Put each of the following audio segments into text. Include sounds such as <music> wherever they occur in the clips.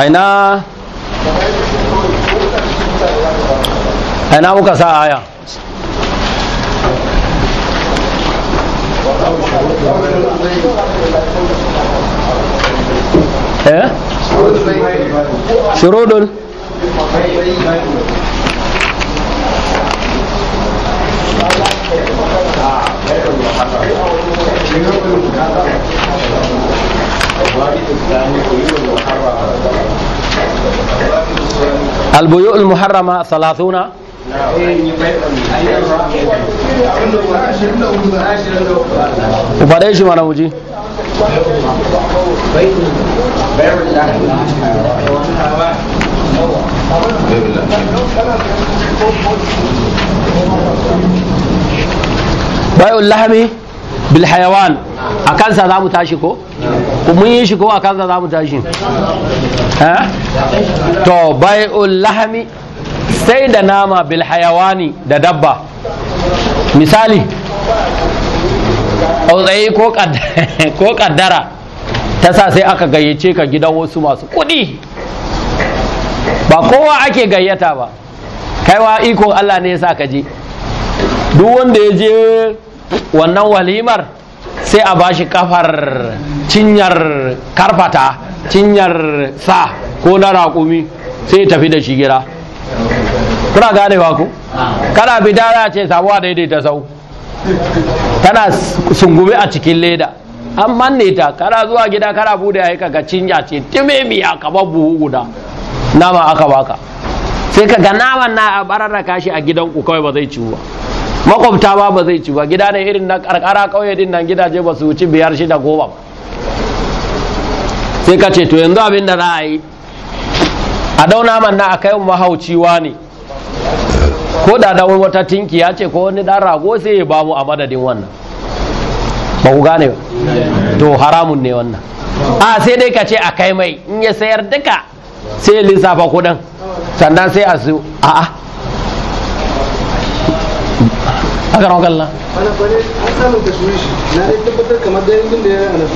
aina aina muka sa aya eh البيوء المحرمة ثلاثون وبعدين شو معناه وجي بيع اللحم بالحيوان أكان سادامو تاشيكو؟ نعم. mun yi shi ko a kansa za mu tashi to bai lahami sai da nama bil hayawani da dabba misali tsautsayi <laughs> ko kaddara ta sa sai aka gayyace ka gidan wasu masu kuɗi, ba kowa ake gayyata ba kaiwa ikon Allah ne ya sa ka je duk wanda ya je wannan walimar sai a ba shi kafar cinyar karfata cinyar sa ko na raƙumi sai ya tafi da shi gira kuna ba ku kana fita dara ce sabuwa daidaita sau tana sungume a cikin leda an manne ta kana zuwa gida kana bude ya ga cinya ce a kamar buhu guda nama aka baka sai kaga naman na a bararraka shi a gidan ku kawai ba zai ciwu ba makwabta ba ba zai ci ba gida ne irin na karkara kauye din nan gidaje ba su wuci biyar shida goma ba sai ka ce to yanzu abin da za a yi a dauna man na a kai mahauciwa ne ko da da wata tinki ya ce ko wani dan rago sai ya bamu a madadin wannan ba ku gane ba to haramun ne wannan a sai dai ka ce a kai mai in ya sayar duka sai lissafa kudin sannan sai a su a'a haka ran an tashwishi na tabbatar kamar da yankin da ya ana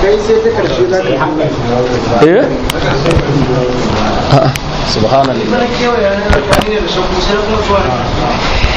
kai sai ta karshe za ka eh subhanallah